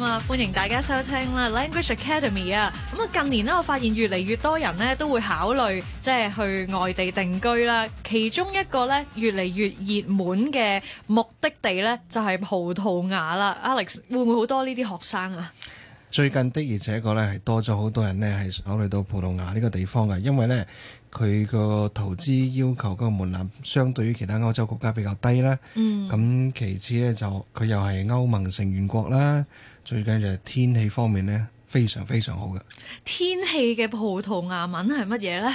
歡迎大家收聽啦，Language Academy 啊。咁啊，近年咧，我發現越嚟越多人咧都會考慮即係去外地定居啦。其中一個咧，越嚟越熱門嘅目的地咧，就係葡萄牙啦。Alex，會唔會好多呢啲學生啊？最近的而且確咧，係多咗好多人咧係考慮到葡萄牙呢個地方嘅，因為咧佢個投資要求個門檻相對於其他歐洲國家比較低啦。嗯。咁其次呢，就佢又係歐盟成員國啦。最緊就係天氣方面咧，非常非常好嘅。天氣嘅葡萄牙文係乜嘢咧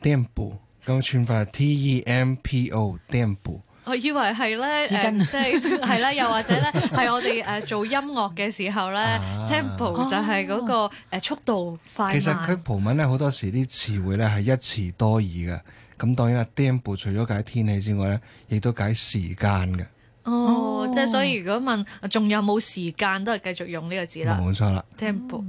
？Tempo，咁串法係 T-E-M-P-O，tempo。E M P、o, 我以為係咧，即係係啦，就是、 又或者咧，係我哋誒做音樂嘅時候咧 ，tempo 就係嗰個速度快。哦哦、其實佢葡、哦、文咧好多時啲詞彙咧係一詞多義嘅，咁當然啊，tempo 除咗解天氣之外咧，亦都解時間嘅。哦，哦即係所以，如果問仲有冇時間都係繼續用呢個字啦。冇錯啦，Tempo。咁 Tem po、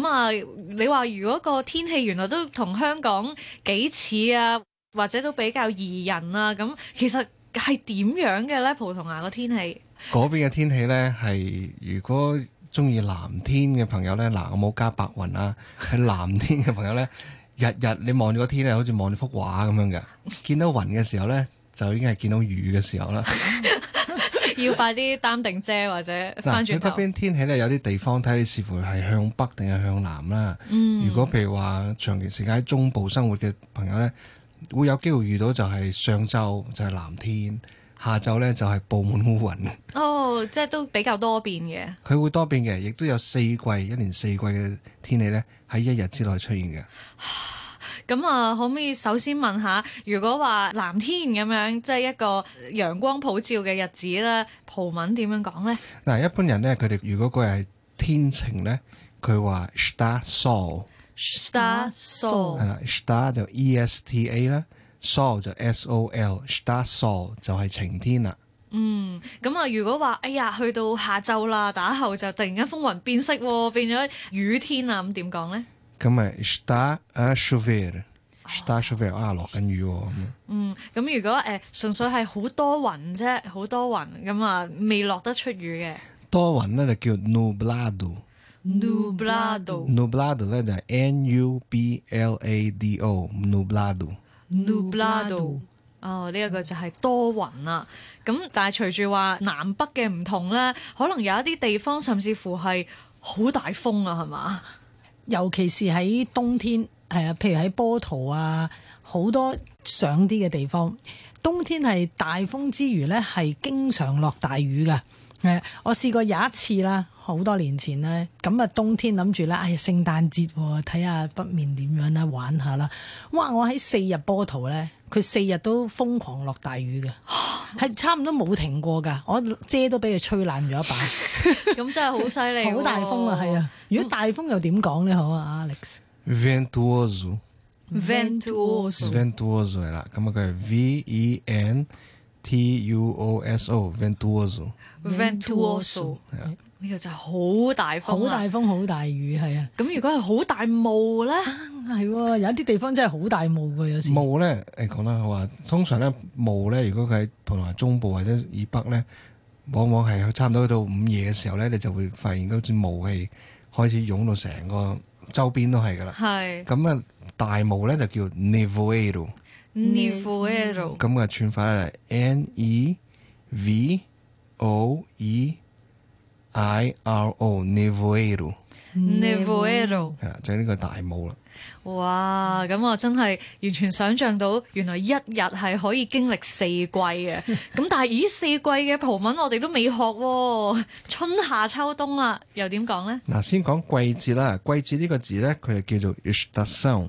嗯、啊，你話如果個天氣原來都同香港幾似啊，或者都比較宜人啊，咁其實係點樣嘅咧？葡萄牙個天氣？嗰邊嘅天氣咧，係如果中意藍天嘅朋友咧，嗱、啊，我冇加白雲啊，係 藍天嘅朋友咧，日日你望住個天咧，好似望住幅畫咁樣嘅，見到雲嘅時候咧，就已經係見到雨嘅時候啦。 要快啲擔定遮或者翻轉頭。嗱，邊天氣咧，有啲地方睇，你視乎係向北定係向南啦。嗯、如果譬如話長期時間喺中部生活嘅朋友呢，會有機會遇到就係上晝就係、是、藍天，下晝呢，就係、是、布滿烏雲。哦，即係都比較多變嘅。佢會多變嘅，亦都有四季，一年四季嘅天氣呢，喺一日之內出現嘅。咁啊、嗯，可唔可以首先問下，如果話藍天咁樣，即係一個陽光普照嘅日子咧，葡文點樣講咧？嗱，一般人咧，佢哋如果佢係天晴咧，佢話 star sol，star sol，係啦，star 就 e s t a 啦，sol 就 s o l，star sol 就係晴天啦、嗯。嗯，咁啊，如果話哎呀，去到下晝啦，打後就突然間風雲變色，變咗雨天啊，咁點講咧？咁咪而家啊，要傾，而家要傾啊！落緊雨喎，嗯，咁如果誒、呃、純粹係好多雲啫，好多雲咁啊，未落得出雨嘅多雲呢，就叫 nublado，nublado，nublado 咧就 nublado，nublado，nublado，哦，呢、這、一個就係多雲啊！咁但係隨住話南北嘅唔同咧，可能有一啲地方甚至乎係好大風啊，係嘛？尤其是喺冬天，係啊，譬如喺波圖啊，好多上啲嘅地方，冬天係大風之餘呢，係經常落大雨嘅。誒、嗯，我試過有一次啦，好多年前呢，咁啊冬天諗住啦，係、哎、聖誕節睇、啊、下北面點樣啦，玩下啦，哇！我喺四日波圖呢。佢四日都瘋狂落大雨嘅，係差唔多冇停過㗎，我遮都俾佢吹爛咗一把。咁真係好犀利，好大風啊，係啊！如果大風又點講呢？好啊，Alex。ventuoso，ventuoso，ventuoso 係啦，咁啊佢係 V-E-N-T-U-O-S-O，ventuoso，ventuoso。呢個就係好大風，好、啊、大風，好大雨，係啊！咁 如果係好大霧咧，係喎， 有啲地方真係好大霧嘅，有時霧咧，誒講得好啊！通常咧霧咧，如果佢喺葡萄牙中部或者以北咧，往往係差唔多到午夜嘅時候咧，你就會發現嗰啲霧氣開始湧到成個周邊都係㗎啦。係咁啊，大霧咧就叫 nevoeiro，咁嘅串法咧 n-e-v-o-e。I R O Neviero Neviero 係呢、yeah, 就係呢個大帽啦。哇！咁我真係完全想象到，原來一日係可以經歷四季嘅。咁 但係，咦，四季嘅葡文我哋都未學、哦，春夏秋冬啦，又點講咧？嗱，先講季節啦。季節呢個字咧，佢就叫做 Estação,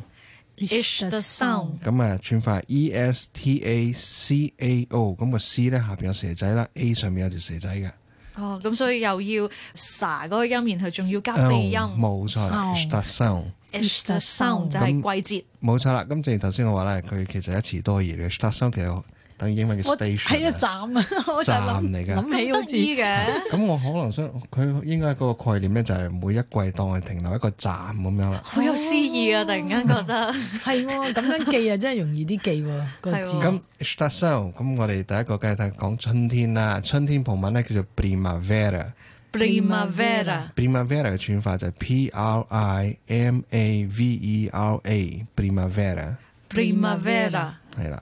Estação, Estação. 咁啊，串法 E S T A C A O。咁個 C 咧下邊有蛇仔啦，A 上面有條蛇仔嘅。哦，咁所以又要撒嗰、那個音，然後仲要加鼻音，冇、哦、錯啦。Est 聲，Est 聲就係季節，冇錯啦。咁正如頭先我話咧，佢其實一詞多義以嘅。Est 聲其實。等英文叫，Station 一站啊，站嚟嘅，咁得意嘅。咁我可能想佢應該嗰個概念咧，就係每一季當係停留一個站咁樣啦。好有詩意啊！突然間覺得係喎，咁樣記啊真係容易啲記喎。咁 start so，咁我哋第一個繼續講春天啦，春天旁文咧叫做 primavera。primavera primavera 嘅串法就係 p r i m a v e r a primavera primavera 係啦。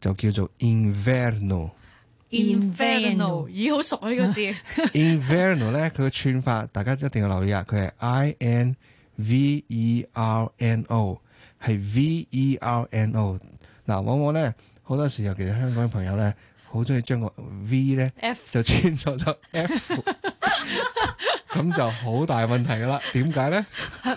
就叫做 inverno，inverno，咦好熟啊個 呢個字。inverno 咧佢嘅串法，大家一定要留意，佢係 i n v e r n o，係 v e r n o。嗱、啊、往往咧好多時候，尤其係香港嘅朋友咧。好中意將個 V 咧就穿咗出 F，咁就好大問題噶啦。點解咧？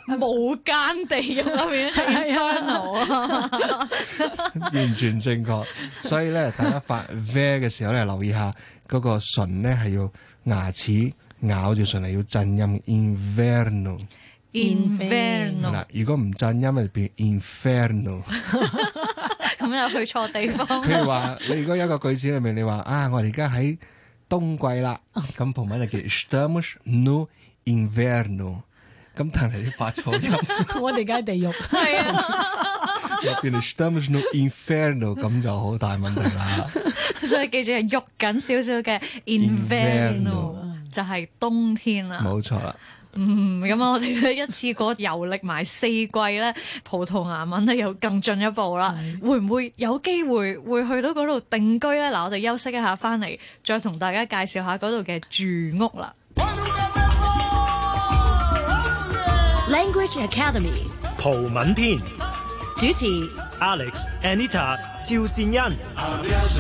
冇間地獄啊！Inferno，完全正確。所以咧，大家發 V 嘅時候，你留意下嗰個唇咧係要牙齒咬住唇嚟，要震音。Inverno，Inverno。嗱，如果唔震音，咪變 Inferno。咁又去錯地方。譬如話，你如果有一個句子裏面你話啊，我哋而家喺冬季啦，咁葡文就叫 stormy n、no、e inverno，咁但係你發錯音， 我哋而家喺地獄，係啊， 入邊係 stormy n、no、e inferno，咁就好大問題啦。 所以記住，喐緊少少嘅 inverno 就係冬天啦。冇錯。嗯，咁我哋咧一次過遊歷埋四季咧，葡萄牙文咧又更進一步啦。的會唔會有機會會去到嗰度定居咧？嗱，我哋休息一下，翻嚟再同大家介紹下嗰度嘅住屋啦。Language Academy 葡文篇主持 Alex Anita 趙善恩。啊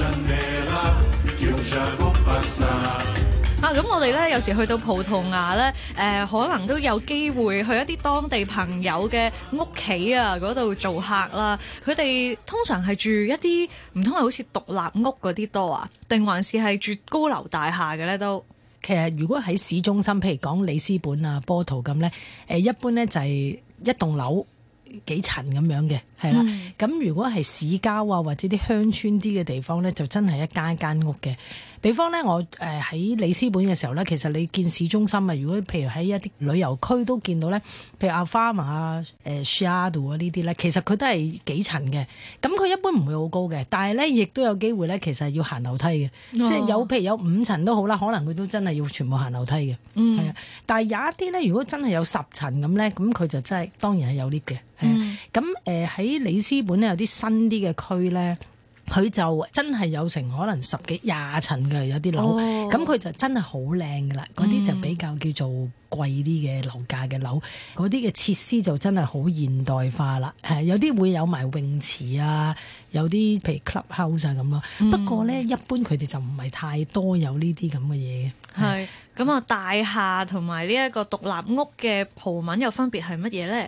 啊，咁我哋咧有時去到葡萄牙咧，誒、呃、可能都有機會去一啲當地朋友嘅屋企啊嗰度做客啦。佢哋通常係住一啲唔通係好似獨立屋嗰啲多啊？定還是係住高樓大廈嘅咧？都其實如果喺市中心，譬如講里斯本啊、波圖咁咧，誒一般咧就係一棟樓幾層咁樣嘅，係啦。咁、嗯、如果係市郊啊或者啲鄉村啲嘅地方咧，就真係一間一間屋嘅。比方咧，我誒喺里斯本嘅時候咧，其實你見市中心啊，如果譬如喺一啲旅遊區都見到咧，譬如 Alfama 啊、誒 Chiado 啊呢啲咧，其實佢都係幾層嘅。咁佢一般唔會好高嘅，但係咧亦都有機會咧，其實要行樓梯嘅，即係有譬如有五層都好啦，可能佢都真係要全部行樓梯嘅。嗯。係啊，但係有一啲咧，如果真係有十層咁咧，咁佢就真係當然係有 lift 嘅。嗯。咁誒喺里斯本咧，有啲新啲嘅區咧。佢、oh. 就真係有成可能十幾廿層嘅有啲樓，咁佢就真係好靚嘅啦。嗰啲就比較叫做貴啲嘅樓價嘅樓，嗰啲嘅設施就真係好現代化啦。係有啲會有埋泳池啊，有啲譬如 club house 啊咁咯。不過呢，一般佢哋就唔係太多有呢啲咁嘅嘢。係咁啊，我大廈同埋呢一個獨立屋嘅鋪文又分別係乜嘢呢？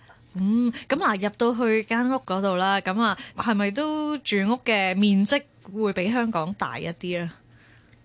嗯，咁嗱入到去間屋嗰度啦，咁啊，係咪都住屋嘅面積會比香港大一啲咧？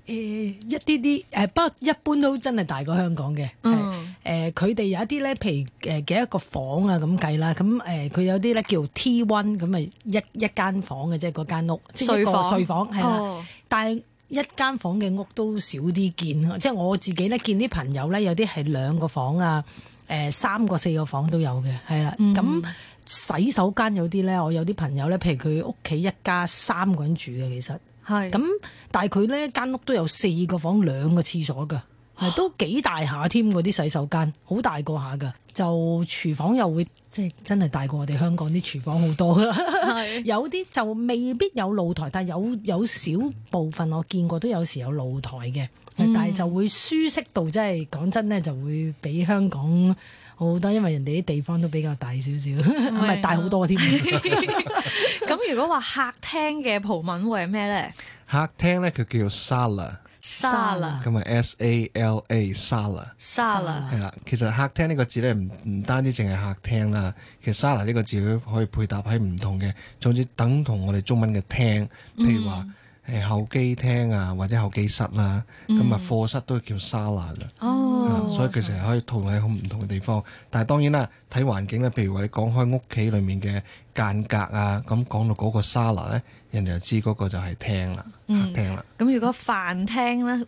誒、欸、一啲啲誒，不、呃、過一般都真係大過香港嘅。誒、嗯，佢哋、呃、有一啲咧，譬如誒幾一個房啊咁計啦，咁誒佢有啲咧叫 T one 咁咪一一間房嘅啫，嗰間屋。就是、睡房睡房係啦，的哦、但係一間房嘅屋都少啲見，即、就、係、是、我自己咧見啲朋友咧有啲係兩個房啊。誒三個四個房都有嘅，係啦。咁、嗯、哼洗手間有啲咧，我有啲朋友咧，譬如佢屋企一家三個人住嘅，其實係咁是，但係佢呢間屋都有四個房兩個廁所㗎，係 都幾大下添嗰啲洗手間，好大個下噶。就廚房又會即係真係大過我哋香港啲廚房好多。 有啲就未必有露台，但係有有少部分我見過都有時有露台嘅。但係就會舒適度，即係講真咧，就會比香港好好多，因為人哋啲地方都比較大少少，唔係 大好多添。咁如果話客廳嘅葡文會係咩咧？客廳咧佢叫 sala，sala 咁啊 s a l a sala，sala 係啦。其實客廳呢個字咧唔唔單止淨係客廳啦，其實 sala 呢個字可以配搭喺唔同嘅，總之等同我哋中文嘅廳，譬如話。嗯誒、呃、候機廳啊，或者候機室啦、啊，咁啊課室都叫沙拿哦，oh, 所以其實可以套喺好唔同嘅地方。但係當然啦，睇環境啦。譬如話你講開屋企裡面嘅間隔啊，咁講到嗰個沙拿咧，人哋就知嗰個就係廳啦，客廳啦、啊。咁、um, 嗯嗯、如果飯廳咧，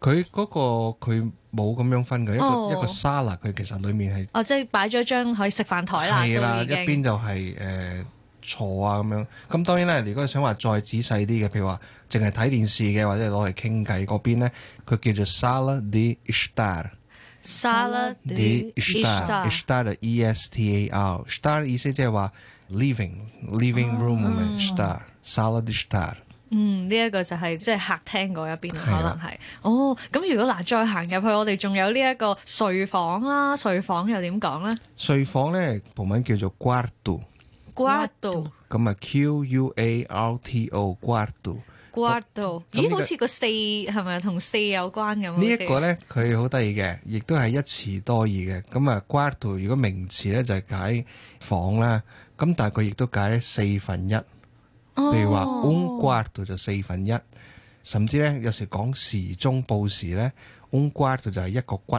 佢嗰、那個佢冇咁樣分嘅，一個、oh, 一個沙拿佢其實裡面係哦，即係擺咗張可以食飯台啦，係啦，一邊就係、是、誒。呃錯啊，咁樣咁、嗯、當然啦，如果你想話再仔細啲嘅，譬如話淨係睇電視嘅，或者攞嚟傾偈嗰邊咧，佢叫做 sala de estar sala de estar estar s t a r s t a r，意思即係話 living living room estar sala de estar 嗯，呢、這、一個就係即係客廳嗰一邊可能係的哦。咁如果嗱再行入去，我哋仲有呢一個睡房啦。睡房又點講呢？睡房呢，葡文叫做 quarto。quarto 咁啊，q u a r t o quarto，quarto 咦，好似個四係咪同四有關咁？呢一個咧佢好得意嘅，亦都係一詞多義嘅。咁啊 quarto，如果名詞咧就係解房啦，咁但係佢亦都解四分一。譬如話 un quarto 就四分一，甚至咧有時講時鐘報時咧，un quarto 就係一個骨。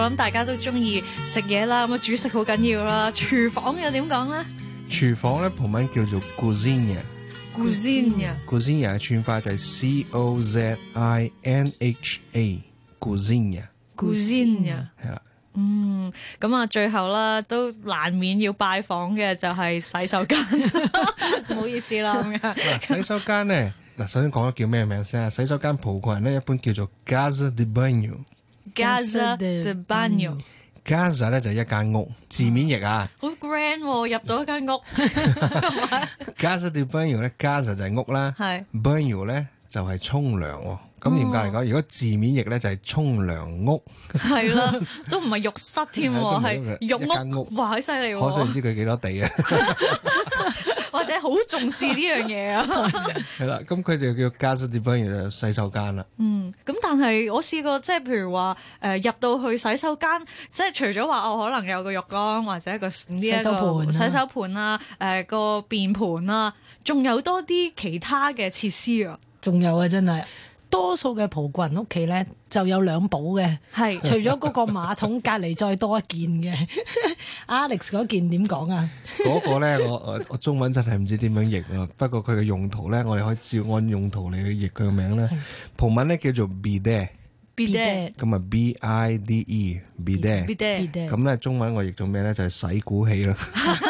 我諗大家都中意食嘢啦，咁啊煮食好緊要啦，廚房又點講咧？廚房咧，葡文叫做 cozinha，cozinha，cozinha 嘅串法就係 c o z i n h a，cozinha，cozinha 係啦。嗯，咁啊，最後啦，都難免要拜訪嘅就係洗手間，唔好意思啦咁樣。嗱，洗手間咧，嗱，首先講咗叫咩名先啊？洗手間葡國人咧一般叫做 casa de banho。Gaza the baño，Gaza 咧就係一間屋，字面譯啊，好 grand，入到一間屋。Gaza the baño 咧，Gaza 就係屋啦，係，baño 咧就係沖涼。咁嚴格嚟講，如果字面譯咧就係沖涼屋，係啦，都唔係浴室添，係浴屋，哇，好犀利。可惜唔知佢幾多地啊。即好重視呢樣嘢啊！係啦，咁佢哋叫加 a s d e p 就洗手間啦。嗯，咁但係我試過，即係譬如話，誒入到去洗手間，即係除咗話我可能有個浴缸或者一個洗手盆啦，誒、呃、個便盤啦，仲有多啲其他嘅設施啊，仲有啊，真係。多數嘅葡國人屋企咧就有兩寶嘅，係是除咗嗰個馬桶 隔離再多一件嘅。 Alex 嗰件點講啊？嗰個咧，我我中文真係唔知點樣譯啊！ 不過佢嘅用途咧，我哋可以照按用途嚟去譯佢個名咧。葡是文咧叫做 bidet 咁啊 b i d e t 咁咧中文我譯做咩咧？就係、是、洗鼓器咯。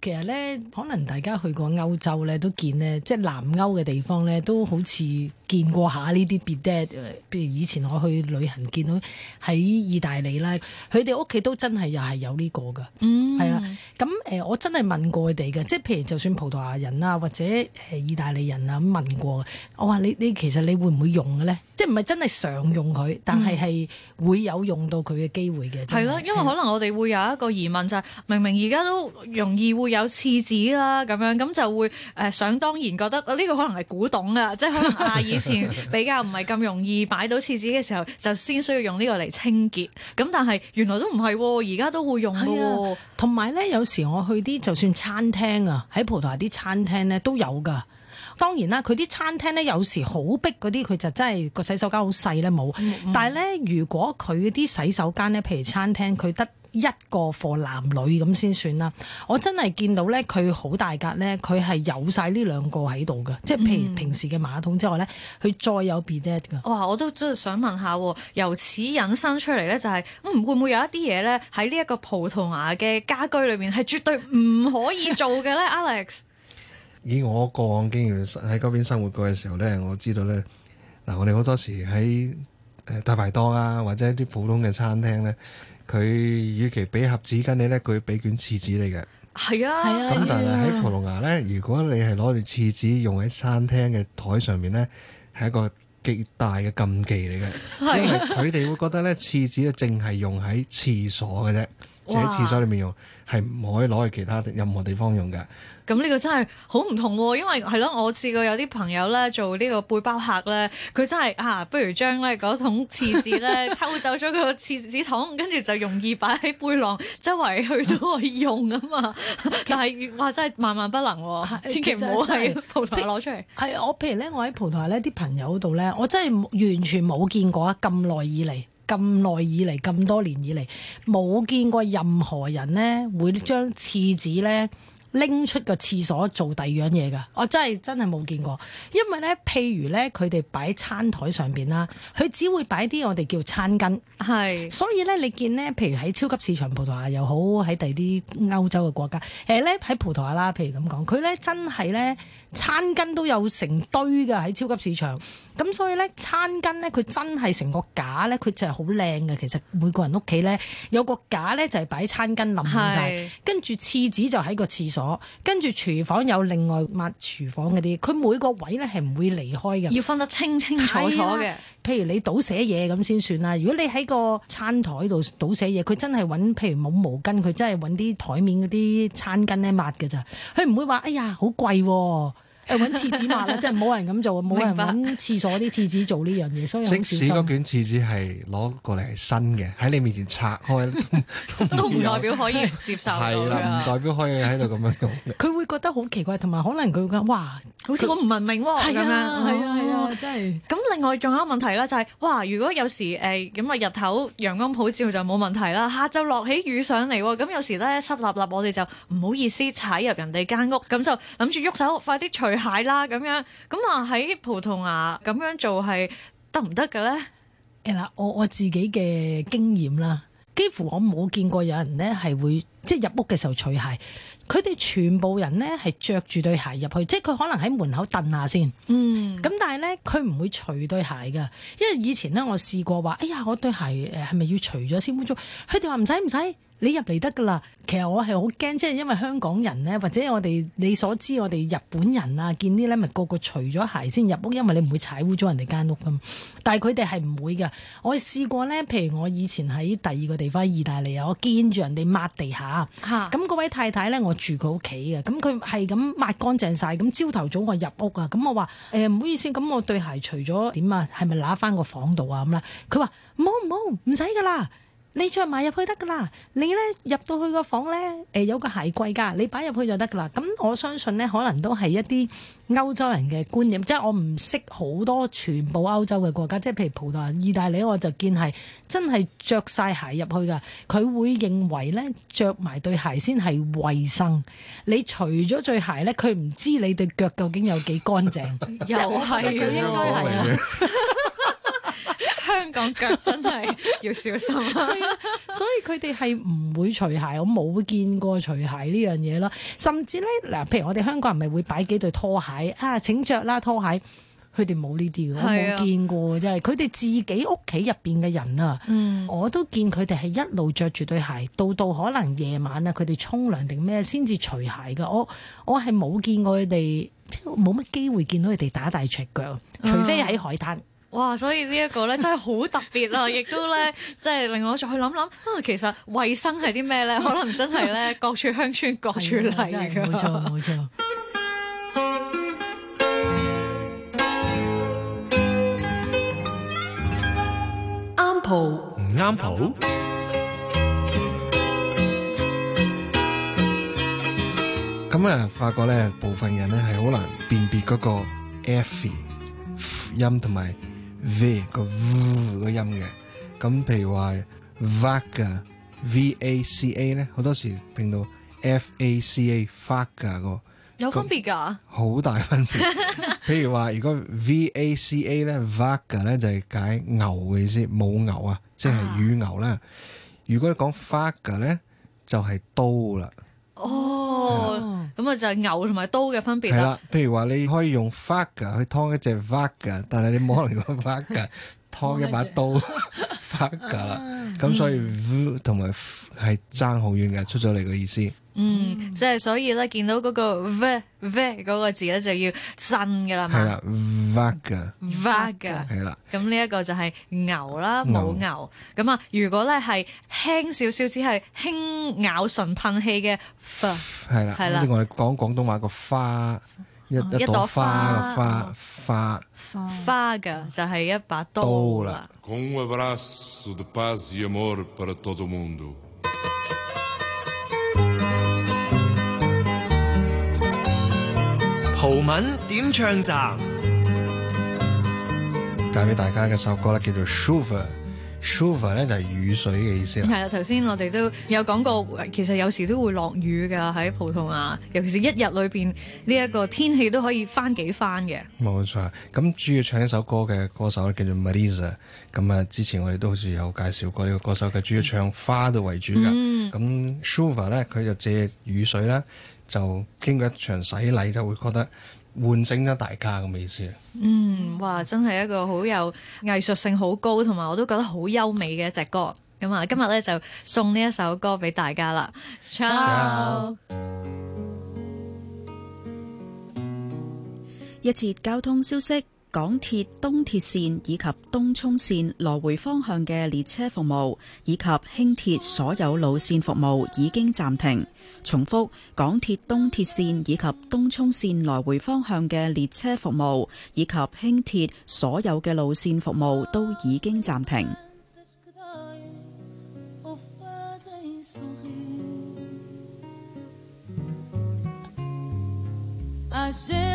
其實咧，可能大家去過歐洲咧，都見咧，即係南歐嘅地方咧，都好似見過下呢啲別的，譬如以前我去旅行見到喺意大利啦，佢哋屋企都真係又係有呢個㗎，係啦、嗯。咁誒、呃，我真係問過佢哋嘅，即係譬如就算葡萄牙人啊，或者誒意大利人啊咁問過，我話你你其實你會唔會用嘅咧？即係唔係真係常用佢，嗯、但係係會有用到佢嘅機會嘅。係咯、嗯，因為可能我哋會有一個疑問就係，的明明而家都容易會有。有廁紙啦，咁樣咁就會誒、呃、想當然覺得呢、啊這個可能係古董啊，即係可能啊以前比較唔係咁容易擺到廁紙嘅時候， 就先需要用呢個嚟清潔。咁但係原來都唔係、喎，而家都會用嘅、喎。同埋咧，有時我去啲就算餐廳啊，喺葡萄牙啲餐廳咧都有㗎。當然啦，佢啲餐廳咧有時好逼嗰啲，佢就真係個洗手間好細咧冇。嗯嗯、但係咧，如果佢啲洗手間咧，譬如餐廳佢得。一個貨男女咁先算啦，我真係見到咧，佢好大格咧，佢係有晒呢兩個喺度嘅，即係譬如平時嘅馬桶之外咧，佢再有 bidet 嘅。哇、嗯哦！我都真係想問下，由此引申出嚟咧、就是，就係唔會唔會有一啲嘢咧喺呢一個葡萄牙嘅家居裏面係絕對唔可以做嘅咧？ ，Alex。 以我過往經驗喺嗰邊生活過嘅時候咧，我知道咧嗱，我哋好多時喺誒大排檔啊，或者一啲普通嘅餐廳咧。佢與其俾盒紙巾，你咧佢俾卷廁紙嚟嘅。係啊，咁但係喺葡萄牙咧，啊、如果你係攞住廁紙用喺餐廳嘅台上面咧，係一個極大嘅禁忌嚟嘅，啊、因為佢哋會覺得咧廁紙咧淨係用喺廁所嘅啫。住喺廁所裏面用，係唔哇可以攞去其他任何地方用嘅。咁呢個真係好唔同、啊，因為係咯，我試過有啲朋友咧做呢個背包客咧，佢真係啊，不如將咧嗰桶廁紙咧抽走咗佢個廁紙筒，跟住 就容易擺喺背囊周圍去都可以用啊嘛。但係 哇，真係萬萬不能、啊， 千祈唔好喺葡萄牙攞出嚟。係我、就是、譬，譬，譬如咧，我喺葡萄牙咧，啲朋友度咧，我真係完全冇見過啊！咁耐以嚟。咁耐以嚟，咁多年以嚟，冇見過任何人咧會將廁紙咧拎出個廁所做第二樣嘢㗎。我真係真係冇見過，因為咧，譬如咧，佢哋擺喺餐枱上面啦，佢只會擺啲我哋叫餐巾。係是，所以咧，你見咧，譬如喺超級市場葡萄牙又好，喺第二啲歐洲嘅國家，誒咧喺葡萄牙啦，譬如咁講，佢咧真係咧。餐巾都有成堆㗎，喺超級市場，咁所以咧餐巾咧，佢真係成個架咧，佢就係好靚嘅。其實每個人屋企咧有個架咧，就係、是、擺餐巾冧晒，跟住廁紙就喺個廁所，跟住廚房有另外抹廚房嗰啲。佢每個位咧係唔會離開嘅，要分得清清楚楚嘅。譬如你倒瀉嘢咁先算啦，如果你喺個餐台度倒瀉嘢，佢真係揾譬如冇毛巾，佢真係揾啲台面嗰啲餐巾咧抹㗎咋，佢唔會話哎呀好貴喎、啊。誒揾廁紙抹啦，即係冇人咁做，冇白人揾廁所啲廁紙做呢樣嘢，所以小心。嗰卷廁紙係攞過嚟係新嘅，喺你面前拆開，都唔代表可以接受。係啦， 唔代表可以喺度咁樣用。佢 會覺得好奇怪，同埋可能佢會覺得哇，他好似我唔文明喎，咁樣係啊係啊，真係。咁另外仲有一個問題啦，就係、是、哇，如果有時誒咁啊日頭陽光普照就冇問題啦，下晝落起雨上嚟，咁有時咧濕立立，立，我哋就唔好意思踩入人哋間屋，咁就諗住喐手快啲除。鞋啦咁樣，咁啊喺葡萄牙咁樣做係得唔得嘅咧？誒嗱，我我自己嘅經驗啦，幾乎我冇見過有人咧係會即係入屋嘅時候除鞋，佢哋全部人咧係着住對鞋入去，即係佢可能喺門口蹬下先，嗯，咁但係咧佢唔會除對鞋嘅，因為以前咧我試過話，哎呀我對鞋誒係咪要除咗先污糟？佢哋話唔使唔使。你入嚟得噶啦，其實我係好驚，即係因為香港人咧，或者我哋你所知，我哋日本人啊，見啲咧咪個個除咗鞋先入屋，因為你唔會踩污咗人哋間屋噶嘛。但係佢哋係唔會噶。我試過咧，譬如我以前喺第二個地方意大利啊，我見住人哋抹地下，咁嗰、啊、位太太咧，我住佢屋企嘅，咁佢係咁抹乾淨晒，咁朝頭早我入屋啊，咁我話誒唔好意思，咁我對鞋除咗點啊，係咪揦翻個房度啊咁啦？佢話唔好唔好，唔使噶啦。你著埋入去得噶啦，你咧入到去個房咧，誒、呃、有個鞋櫃噶，你擺入去就得噶啦。咁我相信呢，可能都係一啲歐洲人嘅觀念，即係我唔識好多全部歐洲嘅國家，即係譬如葡萄牙、意大利，我就見係真係着晒鞋入去噶，佢會認為咧着埋對鞋先係衞生。你除咗對鞋咧，佢唔知你對腳究竟有幾乾淨， 又係的應該係啊 香港腳真係要小心， 所以佢哋係唔會除鞋，我冇見過除鞋呢樣嘢咯。甚至咧，嗱，譬如我哋香港人咪會擺幾對拖鞋啊，請着啦拖鞋。佢哋冇呢啲嘅，我冇、啊、見過真係。佢哋自己屋企入邊嘅人啊，嗯、我都見佢哋係一路着住對鞋，到到可能夜晚啊，佢哋沖涼定咩先至除鞋㗎。我我係冇見過佢哋，即係冇乜機會見到佢哋打大赤腳，除非喺海灘。嗯哇！所以呢一個咧真係好特別啊，亦都咧即係令我再去諗諗啊，其實衞生係啲咩咧？可能真係咧各處鄉村 各處例。冇、嗯、錯，冇 錯。啱譜唔啱譜？咁 啊樂，發覺咧部分人咧係好難辨別嗰個 F 音同埋。V 個唔個音嘅，咁譬如話 vaca 嘅，V-A-C-A 咧，好多時拼到 F-A-C-A faca 嘅個有分別噶，好大分別。 譬如話如果 V-A-C-A 咧 vaca 咧就係解牛嘅意思，母牛、就是、牛啊，即係乳牛啦。如果你講 faca 咧，就係刀啦。咁啊就係牛同埋刀嘅分別，啊、 啦。係啦，譬如話你可以用 fuck 去劏一隻 fuck，但係你冇可能用 fuck 噶劏一把刀 fuck 噶啦。咁所以 v 同埋係差好遠嘅出咗嚟嘅意思。嗯，即係所以咧，見到嗰個 v v 嗰個字咧就要震㗎啦嘛。係啦，v 㗎，v 㗎。係啦。咁呢一個就係牛啦，冇牛。咁啊，如果咧係輕少少，只係輕咬唇噴氣嘅。係啦，係啦。呢個係講廣東話個花，一一朵花嘅花，花。花嘅就係一把刀啦。葡文點唱站，教俾大家嘅首歌咧叫做 Chuva Chuva 咧就係、是、雨水嘅意思。係啊，頭先我哋都有講過，其實有時都會落雨噶喺葡萄牙，尤其是一日裏邊呢一個天氣都可以翻幾番嘅。冇錯，咁主要唱呢首歌嘅歌手咧叫做 Marisa，咁啊之前我哋都好似有介紹過呢個歌手嘅，主要唱花都為主噶。咁 Chuva 咧，佢、ah、就借雨水啦。就經過一場洗禮，就會覺得喚醒咗大家咁嘅意思。嗯，哇！真係一個好有藝術性好高，同埋我都覺得好優美嘅一隻歌。咁啊，今日呢，就送呢一首歌俾大家啦。Ciao！一次交通消息。港鐵東鐵綫以及東涌綫來回方向嘅列車服務，以及輕鐵所有路綫服務已經暫停。重複，港鐵東鐵綫以及東涌綫來回方向嘅列車服務，以及輕鐵所有嘅路綫服務都已經暫停。